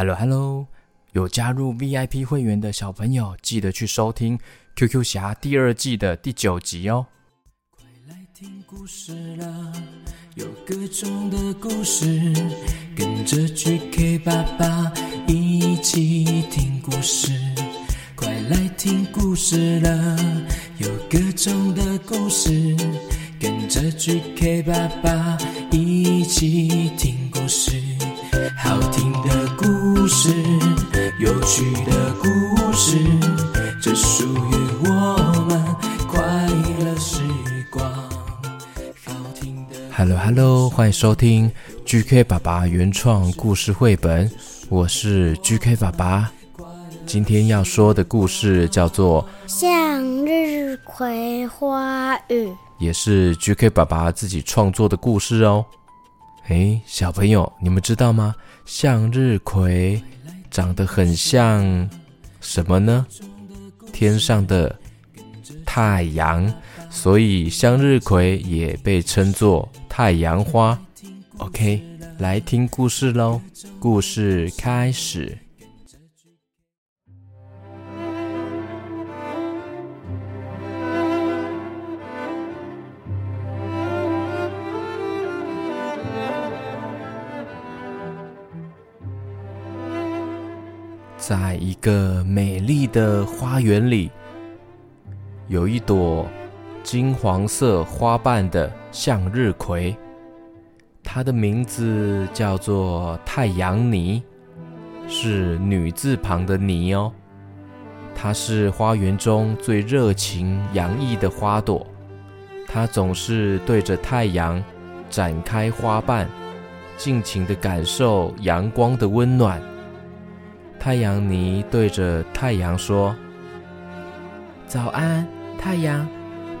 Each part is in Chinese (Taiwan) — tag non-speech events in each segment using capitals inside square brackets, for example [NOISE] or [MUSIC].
Hello Hello，有加入 VIP 會員的小朋友，記得去收聽《QQ 俠》第二季的第九集哦。快來聽故事啦，有各種的故事，跟着 GK 爸爸一起聽故事。快來聽故事啦，有各種的故事，跟着 GK 爸爸一起聽故事。的故事，這屬於我們快樂時光 Hello Hello，歡迎收聽 GK 爸爸原創故事繪本，我是 GK 爸爸，今天要說的故事叫做《向日葵花語》，也是 GK 爸爸自己創作的故事哦。誒，小朋友，你們知道嗎？向日葵長得很像什麼呢？天上的太陽，所以向日葵也被稱作太陽花。OK，來聽故事嘍，故事開始。在一個美麗的花園裡，有一朵金黃色花瓣的向日葵，它的名字叫做太陽妮，是女字旁的妮哦。它是花園中最熱情洋溢的花朵，它總是對着太陽展開花瓣，盡情地感受陽光的溫暖。太陽妮對着太陽說：“早安，太陽，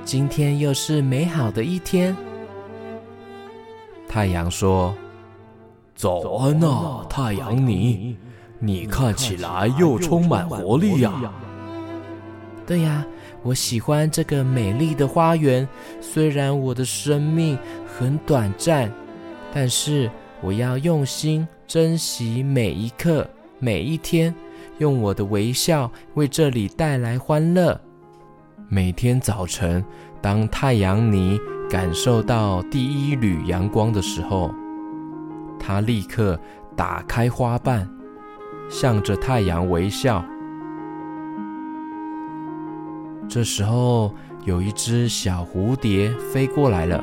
今天又是美好的一天。”太陽說：“早安啊，太陽妮，你，你看起來又充滿活力呀、啊。”“對呀、啊，我喜歡這個美麗的花園。雖然我的生命很短暫，但是我要用心珍惜每一刻。”每一天，用我的微笑為這裡帶來歡樂。每天早晨，當太陽妮感受到第一縷陽光的時候，她立刻打開花瓣，向着太陽微笑。這時候，有一只小蝴蝶飛過來了，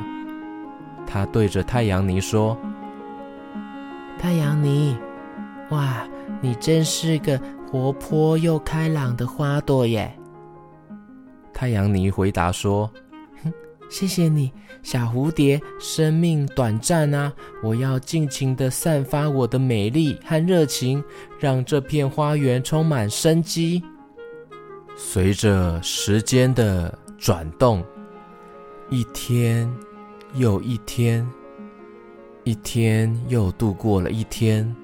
它對着太陽妮說：“太陽妮。”哇，你真是個活潑又開朗的花朵耶！太陽妮回答說：“哼，謝謝你，小蝴蝶。生命短暫啊，我要盡情的散發我的美麗和熱情，讓這片花園充滿生機。”隨着時間的轉動，一天又一天，一天又度過了一天。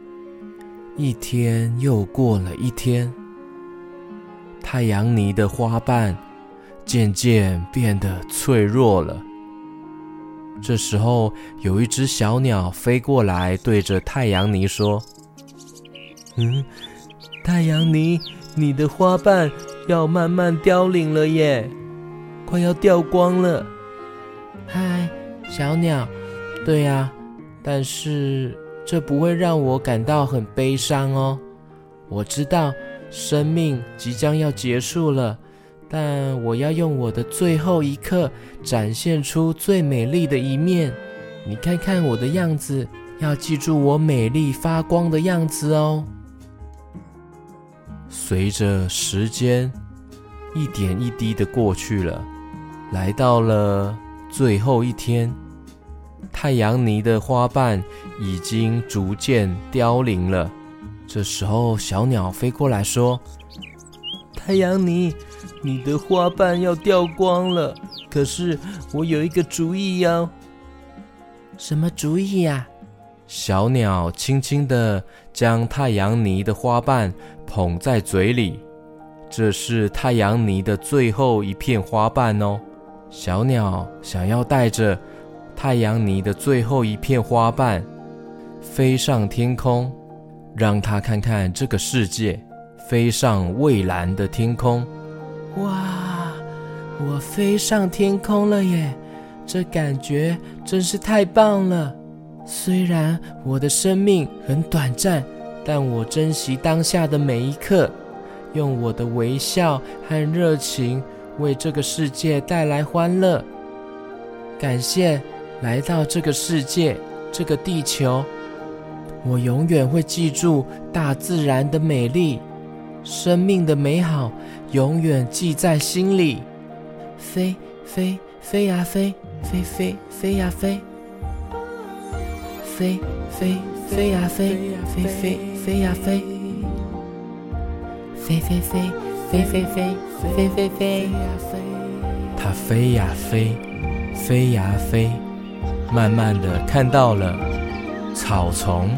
一天又過了一天，太陽妮的花瓣漸漸變得脆弱了。這時候，有一只小鳥飛過來，對着太陽妮說：“嗯，太陽妮，你的花瓣要慢慢凋零了耶，快要掉光了。”“嗨，小鳥，對呀，啊，但是。”這不會讓我感到很悲傷哦。我知道生命即將要結束了，但我要用我的最後一刻展現出最美麗的一面。你看看我的樣子，要記住我美麗發光的樣子哦。隨着時間一點一滴的過去了，來到了最後一天。太陽泥的花瓣已經逐漸凋零了。這時候，小鳥飛過來說：“太陽妮，你的花瓣要掉光了。可是，我有一個主意哦、啊。”“什麼主意呀、啊？”小鳥輕輕地將太陽妮的花瓣捧在嘴裡。這是太陽妮的最後一片花瓣哦。小鳥想要帶着。太陽妮的最後一片花瓣飛上天空，讓它看看這個世界。飛上蔚藍的天空，哇！我飛上天空了耶！這感覺真是太棒了。雖然我的生命很短暫，但我珍惜當下的每一刻，用我的微笑和熱情為這個世界帶來歡樂。感謝。來到這個世界，這個地球，我永遠會記住大自然的美麗，生命的美好，永遠記在心裡。飛飛飛呀飛，飛飛飛呀飛，飛飛飛呀飛，飛飛飛呀飛，飛飛飛呀飛，它飛呀飛，飛呀飛。慢慢的看到了草叢，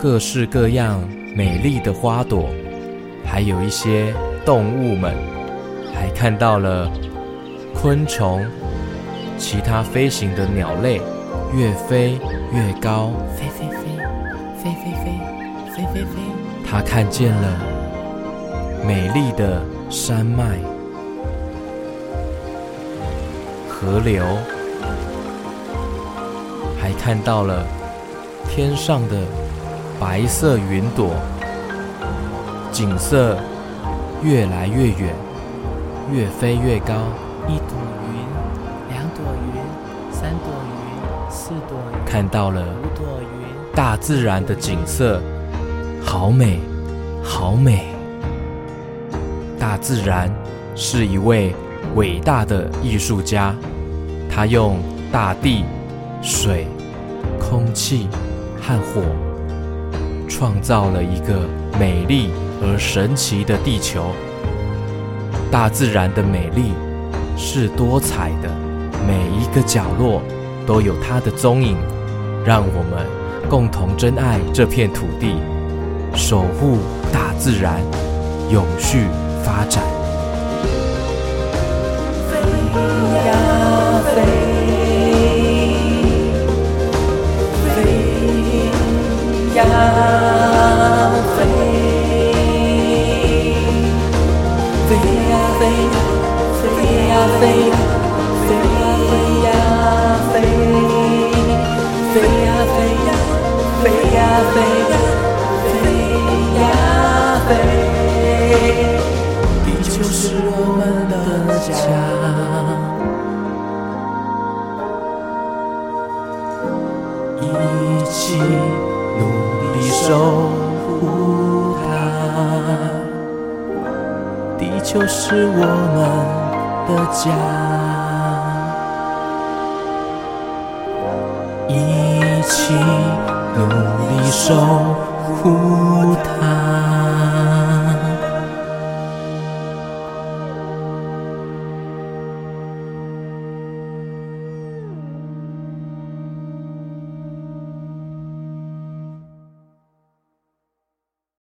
各式各樣美麗的花朵，還有一些動物們，還看到了昆蟲，其他飛行的鳥類，越飛越高，飛飛飛飛飛飛飛飛飛，他看見了美麗的山脈、河流。還看到了天上的白色雲朵，景色越來越遠，越飛越高。一朵雲，兩朵雲，三朵雲，四朵雲，看到了五朵雲。大自然的景色好美，好美。大自然是一位偉大的藝術家，他用大地、水。空氣和火創造了一個美麗而神奇的地球。大自然的美麗是多彩的，每一個角落都有它的蹤影。讓我們共同珍愛這片土地，守護大自然，永續發展。飛，飛呀飛，飛呀飛，飛呀飛，飛呀飛，飛呀飛，飛呀飛，飛呀飛，地球是我們的家， [MUSIC] 一起。守護它，地球是我們的家，一起努力守護它。